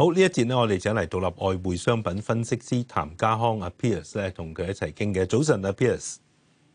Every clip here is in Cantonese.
好呢一節咧，我哋請嚟獨立外匯商品分析師譚家康阿 Pierce 咧，同佢一齊傾嘅。早晨，阿 Pierce。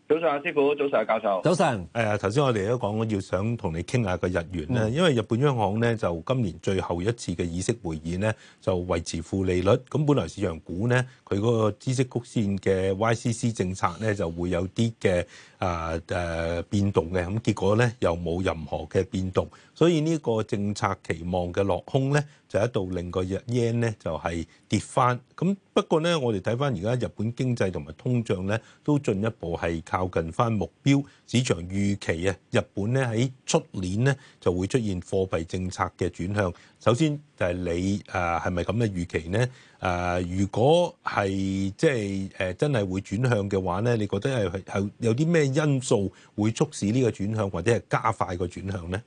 早晨，阿師傅，早晨，阿教授，早晨。誒，頭先我哋都講，要想同你傾下個日元咧，嗯、因為日本央行咧就今年最後一次嘅議息會議咧，就維持負利率。咁本來市場估咧，佢嗰個孳息曲線嘅 YCC 政策咧，就會有啲嘅。啊誒、啊、變動嘅，咁結果呢又冇任何嘅變動，所以呢個政策期望嘅落空呢，就一度令個日 yen 呢就係、是、跌翻。咁不過呢，我哋睇翻而家日本經濟同埋通脹呢，都進一步係靠近翻目標，市場預期啊！日本呢喺出年呢就會出現貨幣政策嘅轉向。首先就係你誒係咪咁嘅預期呢？誒，如果係即係誒，真係會轉向嘅話咧，你覺得係係有啲咩因素會促使呢個轉向，或者係加快個轉向咧？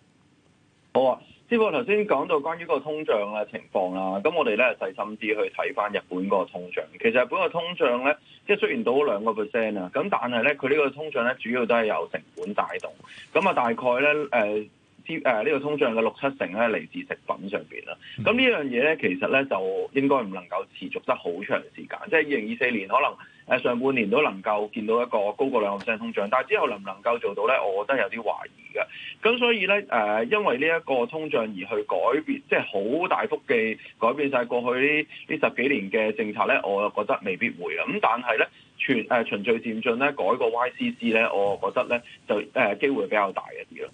好啊，師傅頭先講到關於個通脹嘅情況啦，咁我哋咧細心啲去睇翻日本個通脹。其實日本個通脹咧，即係雖然到咗兩個 percent 啊，咁但係咧佢呢個通脹咧，主要都係由成本帶動。咁啊，大概咧誒。呃誒呢個通脹嘅六七成咧，嚟自食品上邊啦，咁呢樣嘢咧其實咧就應該唔能夠持續得好長時間，即係二零二四年可能誒上半年都能夠見到一個高過兩個 percent 通脹，但係之後能唔能夠做到咧，我覺得有啲懷疑嘅。咁所以咧誒、呃，因為呢一個通脹而去改變，即係好大幅嘅改變晒過去呢呢十幾年嘅政策咧，我覺得未必會嘅。咁但係咧循誒循序漸進咧改個 YCC 咧，我覺得咧就誒、呃、機會比較大一啲咯。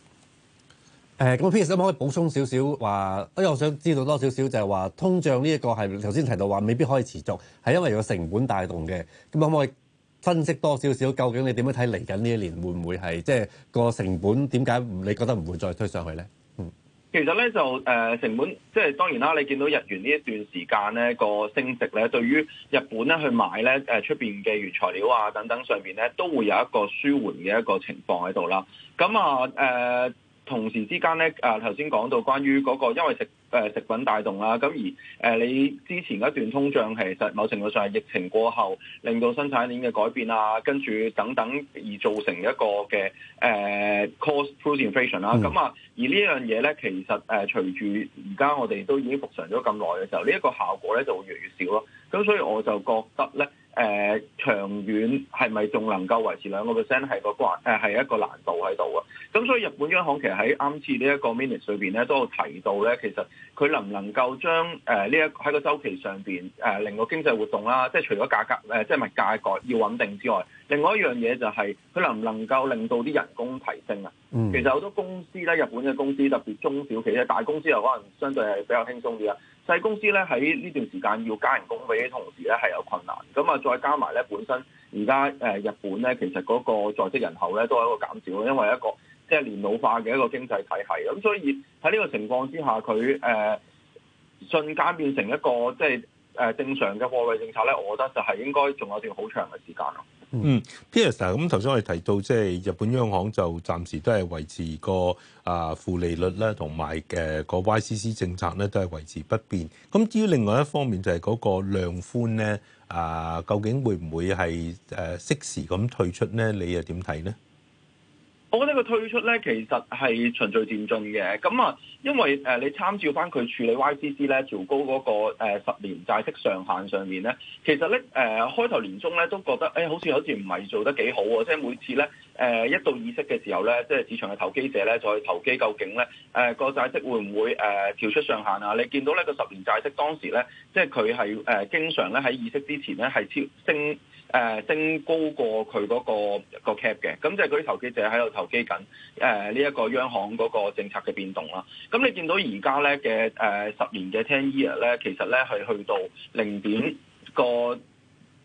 誒咁，Peter 可唔可以補充少少話？哎我想知道多少少就係話通脹呢一個係頭先提到話未必可以持續，係因為個成本帶動嘅。咁可唔可以分析多少少？究竟你點樣睇嚟緊呢一年會唔會係即係個成本點解唔你覺得唔會再推上去咧？嗯，其實咧就誒、呃、成本，即係當然啦。你見到日元呢一段時間咧個升值咧，對於日本咧去買咧誒出邊嘅原材料啊等等上邊咧都會有一個舒緩嘅一個情況喺度啦。咁啊誒。呃呃同時之間咧，啊頭先講到關於嗰、那個因為食誒、呃、食品帶動啦，咁、啊、而誒、呃、你之前一段通脹其實某程度上係疫情過後令到生產鏈嘅改變啊，跟住等等而造成一個嘅誒、呃、cost inflation 啦，咁啊而呢樣嘢咧其實誒、呃、隨住而家我哋都已經復常咗咁耐嘅時候，呢、這、一個效果咧就會越嚟越少咯，咁所以我就覺得咧。誒、呃、長遠係咪仲能夠維持兩個 percent 係個關誒係一個難度喺度啊？咁所以日本央行其實喺啱次面呢一個 minutes 裏邊咧，都有提到咧，其實佢能唔能夠將誒呢一喺個周期上邊誒令個經濟活動啦、啊，即係除咗價格誒、呃、即係物價個要穩定之外，另外一樣嘢就係佢能唔能夠令到啲人工提升啊？Mm hmm. 其實好多公司咧，日本嘅公司特別中小企咧，大公司又可能相對係比較輕鬆啲啦。細公司咧，喺呢段時間要加人工俾啲同事咧，係有困難。咁啊，再加埋咧，本身而家誒日本咧，其實嗰個在職人口咧都係一個減少，因為一個即係、就是、年老化嘅一個經濟體系。咁所以喺呢個情況之下，佢誒、呃、瞬間變成一個即係。就是誒正常嘅貨幣政策咧，我覺得就係應該仲有段好長嘅時間咯。嗯，Piers 啊，咁頭先我哋提到即係、就是、日本央行就暫時都係維持個啊負利率啦，同埋嘅個 YCC 政策咧都係維持不變。咁至於另外一方面就係、是、嗰個量寬咧，啊究竟會唔會係誒、啊、適時咁退出咧？你又點睇咧？我覺得個推出咧，其實係循序漸進嘅。咁啊，因為誒、呃、你參照翻佢處理 YCC 咧調高嗰、那個、呃、十年債息上限上面咧，其實咧誒、呃、開頭年中咧都覺得誒、哎、好似好似唔係做得幾好喎、就是呃。即係每次咧誒一到議息嘅時候咧，即係市場嘅投機者咧去投機，究竟咧誒個債息會唔會誒跳、呃、出上限啊？你見到呢個十年債息當時咧，即係佢係誒經常咧喺議息之前咧係超升。誒、呃、升高過佢嗰、嗰個 cap 嘅，咁就係嗰啲投機者喺度投機緊，誒呢一個央行嗰個政策嘅變動啦。咁你見到而家咧嘅誒十年嘅 ten-year 咧，其實咧係去到零點個。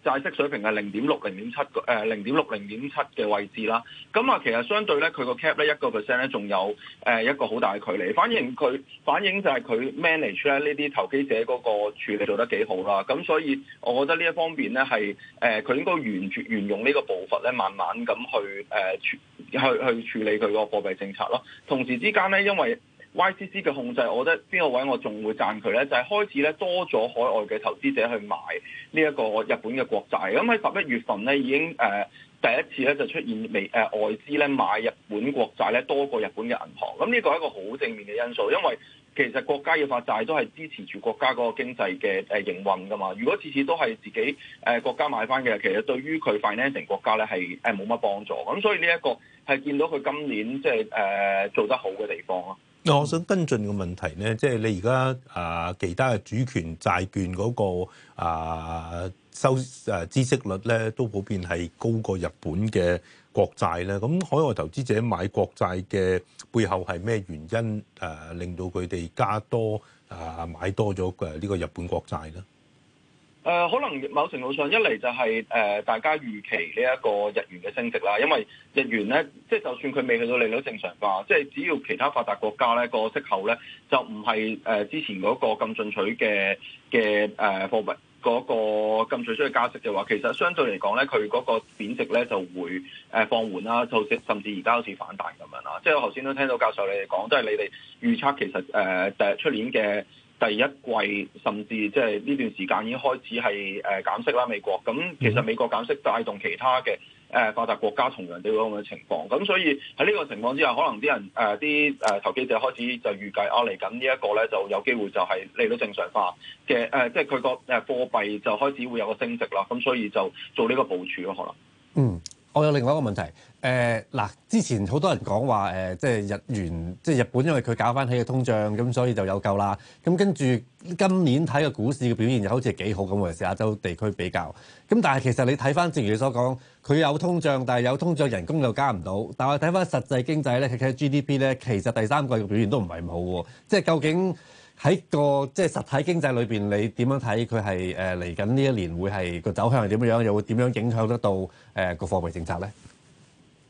債息水平係零點六、零點七個誒零點六、零點七嘅位置啦，咁啊其實相對咧，佢個 cap 咧一個 percent 咧，仲有誒一個好大嘅距離。反映佢反映就係佢 manage 咧呢啲投機者嗰個處理做得幾好啦。咁所以我覺得呢一方面咧係誒佢應該完全沿，沿用呢個步伐咧，慢慢咁去誒去去，去處理佢個貨幣政策咯。同時之間咧，因為 YCC 嘅控制，我覺得邊個位我仲會贊佢咧？就係、是、開始咧多咗海外嘅投資者去買呢一個日本嘅國債。咁喺十一月份咧已經誒、呃、第一次咧就出現未誒、呃、外資咧買日本國債咧多過日本嘅銀行。咁、嗯、呢、係一個好正面嘅因素，因為其實國家要發債都係支持住國家嗰個經濟嘅誒營運噶嘛。如果次次都係自己誒、呃、國家買翻嘅，其實對於佢 finance 國家咧係誒冇乜幫助。咁、嗯、所以呢一個係見到佢今年即係誒做得好嘅地方咯。我想跟進個問題咧，即係你而家啊，其他嘅主權債券嗰、那個啊、呃、收啊孳、呃、息率咧，都普遍係高過日本嘅國債咧。咁海外投資者買國債嘅背後係咩原因？誒、呃，令到佢哋加多啊、呃、買多咗嘅呢個日本國債咧？誒、呃、可能某程度上，一嚟就係、是、誒、呃、大家預期呢一個日元嘅升值啦，因為日元咧，即係就算佢未去到利率正常化，即係只要其他發達國家咧、嗰個息口咧就唔係誒之前嗰個咁進取嘅嘅誒貨幣嗰個進取出嚟加息，就話其實相對嚟講咧，佢嗰個貶值咧就會誒放緩啦，就甚至甚至而家好似反彈咁樣啦。即係我頭先都聽到教授你哋講，即係你哋預測其實誒誒出年嘅。第一季甚至即係呢段時間已經開始係誒減息啦美國咁其實美國減息帶動其他嘅誒、呃、發達國家同樣都會咁嘅情況咁所以喺呢個情況之下，可能啲人誒啲誒投機者開始就預計啊嚟緊呢一個咧就有機會就係利率正常化嘅誒、呃，即係佢個誒貨幣就開始會有個升值啦，咁所以就做呢個部署咯可能嗯。我有另外一個問題，誒、呃、嗱，之前好多人講話誒，即係日元，即係日本，因為佢搞翻起個通脹，咁所以就有救啦。咁跟住今年睇個股市嘅表現，又好似幾好咁，我哋，亞洲地區比較。咁但係其實你睇翻，正如你所講，佢有通脹，但係有通脹，人工又加唔到。但係睇翻實際經濟咧，睇睇 GDP 咧，其實第三季嘅表現都唔係咁好喎。即係究竟？喺個即係實體經濟裏面，你點樣睇佢係誒，嚟緊呢一年會係個走向係點樣？又會點樣影響得到誒、呃、個貨幣政策呢？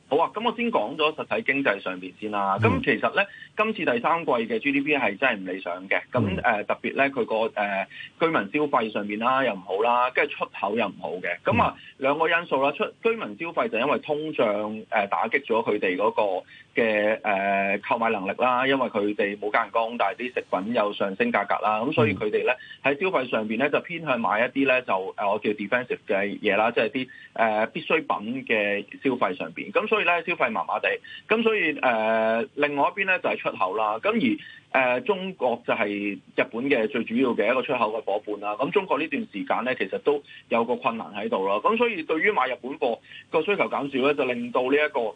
好啊，咁我先講咗實體經濟上邊先啦。咁其實咧，今次第三季嘅 GDP 係真係唔理想嘅。咁誒、呃、特別咧，佢個誒居民消費上邊啦又唔好啦，跟住出口又唔好嘅。咁啊兩個因素啦，出居民消費就因為通脹誒、呃、打擊咗佢哋嗰個嘅誒、呃、購買能力啦，因為佢哋冇加人工，但係啲食品又上升價格啦，咁所以佢哋咧喺消費上邊咧就偏向買一啲咧就誒我叫 defensive 嘅嘢啦，即係啲誒必需品嘅消費上邊。咁所所以咧消費麻麻地，咁所以誒另外一邊咧就係出口啦，咁而誒、呃、中國就係日本嘅最主要嘅一個出口嘅伙伴啦，咁中國呢段時間咧其實都有個困難喺度啦，咁所以對於買日本貨個需求減少咧，就令到呢、這、一個。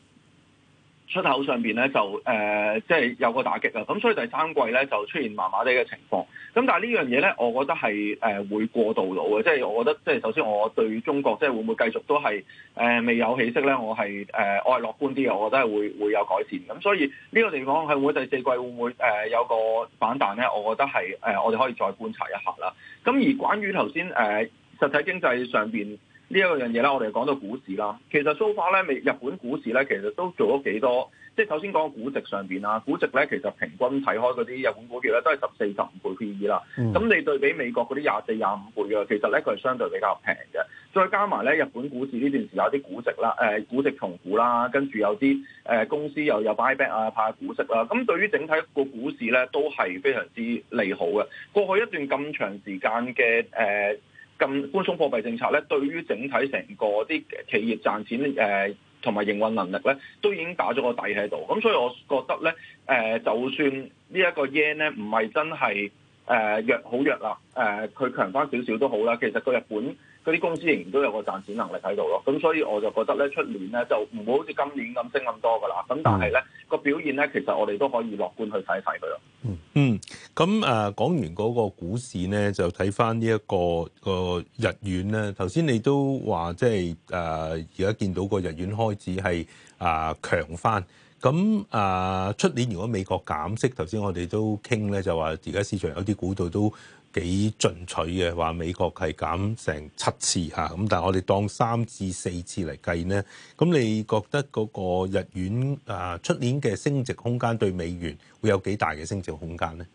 出口上邊咧就誒即係有個打擊啊，咁所以第三季咧就出現麻麻地嘅情況。咁但係呢樣嘢咧，我覺得係誒會過渡到嘅，即係我覺得即係首先我對中國即係會唔會繼續都係誒未有起色咧，我係誒我係樂觀啲嘅，我覺得係會會有改善。咁所以呢個地方係會第四季會唔會誒有個反彈咧？我覺得係誒我哋可以再觀察一下啦。咁而關於頭先誒實體經濟上邊，呢一個樣嘢啦，我哋講到股市啦，其實 so far 咧，美日本股市咧，其實都做咗幾多，即係頭先講估值上邊啦，估值咧其實平均睇開嗰啲日本股票咧都係十四十五倍 PE 啦，咁、嗯、你對比美國嗰啲廿四廿五倍嘅，其實咧佢係相對比較平嘅，再加埋咧日本股市呢段時有啲估值啦，誒、呃、估值重估啦，跟住有啲誒、呃、公司又有 buyback 啊，派股息啦，咁對於整體個股市咧都係非常之利好嘅，過去一段咁長時間嘅誒。呃咁寬鬆貨幣政策咧，對於整體成個啲企業賺錢誒同埋營運能力咧，都已經打咗個底喺度。咁所以我覺得咧，誒、呃、就算呢一個 yen 咧，唔係真係誒弱好弱啦，誒佢強翻少少都好啦。其實個日本嗰啲公司仍然都有個賺錢能力喺度咯。咁所以我就覺得咧，出年咧就唔會好似今年咁升咁多噶啦。咁但係咧、這個表現咧，其實我哋都可以樂觀去睇一睇佢咯。嗯。咁誒講完嗰個股市咧，就睇翻呢一個個日元咧。頭先你都話即係誒而家見到個日元開始係誒、呃、強翻。咁誒出年如果美國減息，頭先我哋都傾咧，就話而家市場有啲估到都幾進取嘅，話美國係減成七次嚇。咁但係我哋當三至四次嚟計咧，咁你覺得嗰個日元誒出年嘅升值空間對美元會有幾大嘅升值空間咧？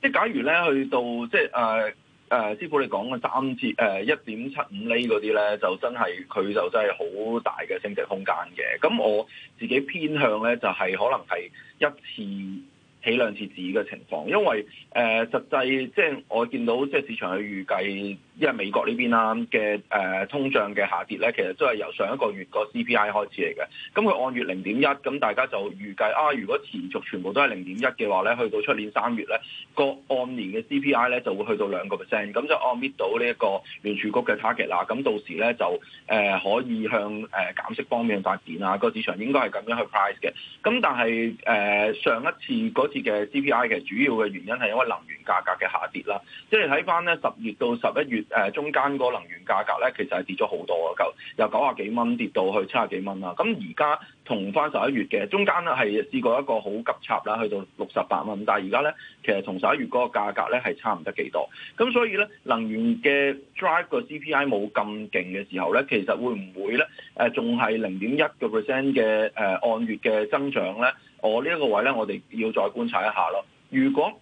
即係假如咧去到即係誒、誒師傅你講嘅三折誒一點七五厘嗰啲咧，就真係佢就真係好大嘅升值空間嘅。咁我自己偏向咧就係可能係一次起兩次止嘅情況，因為誒、呃、實際即係我見到即係市場嘅預計。因為美國呢邊啦嘅誒通脹嘅下跌咧，其實都係由上一個月個 CPI 開始嚟嘅。咁、嗯、佢按月零點一，咁大家就預計啊，如果持續全部都係零點一嘅話咧，去到出年三月咧，個按年嘅 CPI 咧就會去到兩個 percent，咁就按搣到呢一個聯儲局嘅 target 啦。咁、嗯、到時咧就誒、呃、可以向誒、呃、減息方面發展啊。個市場應該係咁樣去 price 嘅。咁、嗯、但係誒、呃、上一次嗰次嘅 CPI 其實主要嘅原因係因為能源價格嘅下跌啦。即係你睇翻咧十月到十一月。誒中間嗰個能源價格咧，其實係跌咗好多啊！九由九十幾蚊跌到去七十幾蚊啦。咁而家同翻十一月嘅中間咧係試過一個好急插啦，去到六十八蚊。但係而家咧，其實同十一月嗰個價格咧係差唔得幾多。咁所以咧，能源嘅 drive 個 CPI 冇咁勁嘅時候咧，其實會唔會咧誒仲係零點一個 percent 嘅誒按月嘅增長咧？我呢一個位咧，我哋要再觀察一下咯。如果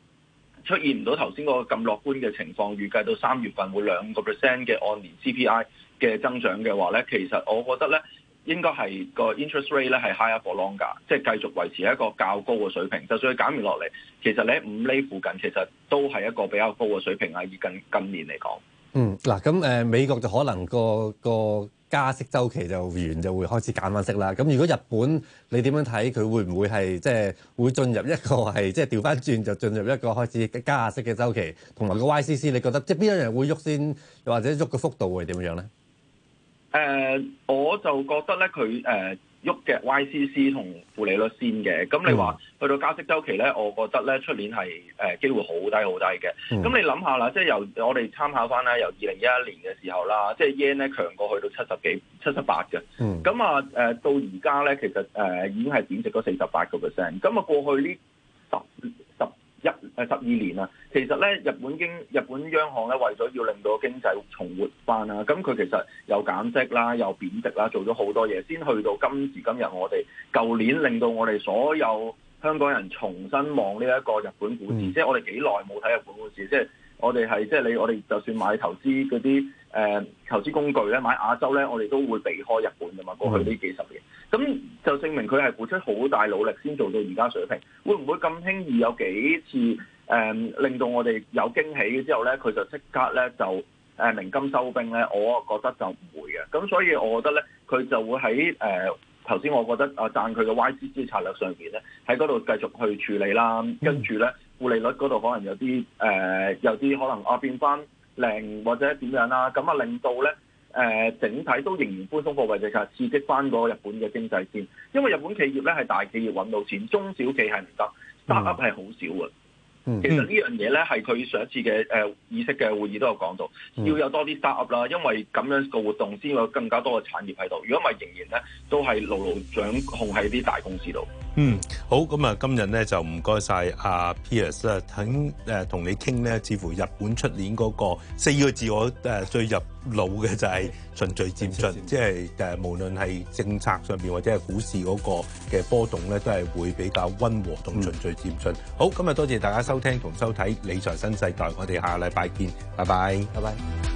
出現唔到頭先個咁樂觀嘅情況，預計到三月份會兩個 percent 嘅按年 CPI 嘅增長嘅話咧，其實我覺得咧應該係個 interest rate 咧係 higher for longer，即係繼續維持一個較高嘅水平。就算佢減完落嚟，其實你喺五厘附近其實都係一個比較高嘅水平啊！以近近年嚟講，嗯，嗱咁誒，美國就可能個個。加息周期就完就會開始減翻息啦。咁如果日本你點樣睇，佢會唔會係即係會進入一個係即係調翻轉就進入一個開始加息嘅周期，同埋個 YCC 你覺得即係邊一樣人會喐先，又或者喐嘅幅度會點樣咧？誒、呃，我就覺得咧，佢誒。呃喐嘅 YCC 同負利率先嘅，咁你話去到加息周期咧，我覺得咧出年係誒、呃、機會好低好低嘅。咁 你諗下啦，即係由我哋參考翻咧，由二零一一年嘅時候啦，即係 yen 咧強過去到七十幾、七十八嘅。咁 啊誒、呃，到而家咧其實誒、呃、已經係貶值咗四十八個 percent。咁啊、嗯、過去呢十一係十二年啦，其實咧日本經日本央行咧為咗要令到經濟重活返啊，咁佢其實又減息啦，又貶值啦，做咗好多嘢，先去到今時今日我哋舊年令到我哋所有香港人重新望呢一個日本股市、嗯，即係我哋幾耐冇睇日本股市，即、就、係、是、我哋係即係你我哋就算買投資嗰啲誒投資工具咧，買亞洲咧，我哋都會避開日本㗎嘛，過去呢幾十年。嗯嗯咁就證明佢係付出好大努力先做到而家水平，會唔會咁輕易有幾次誒、嗯、令到我哋有驚喜嘅之後咧，佢就即刻咧就誒鳴、嗯、金收兵咧？我覺得就唔會嘅。咁所以，我覺得咧，佢就會喺誒頭先，呃、我覺得啊，讚佢嘅 YCC 策略上邊咧，喺嗰度繼續去處理啦。跟住咧，負利率嗰度可能有啲誒、呃，有啲可能啊變返零或者點樣啦、啊，咁啊令到咧。誒，整體都仍然寬鬆，貨幣就係刺激翻嗰個日本嘅經濟先，因為日本企業咧，係大企業揾到錢，中小企係唔得，start-up 係好少嘅。Mm. 其實呢樣嘢咧，係佢上一次嘅誒、呃、意識嘅會議都有講到，要有多啲 start-up 啦，因為咁樣個活動先有更加多嘅產業喺度。如果唔係，仍然咧都係牢牢掌控喺啲大公司度。嗯，好，咁啊，今日咧就唔該晒阿 Pierce 啊，喺誒同你傾咧，似乎日本出年嗰個四個字，我誒最入腦嘅就係循序漸進，漸進即係誒無論係政策上面，或者係股市嗰個嘅波動咧，都係會比較溫和同循序漸進。嗯，好，今日多謝大家收聽同收睇《理財新世代》，我哋下個禮拜見，拜拜，拜拜。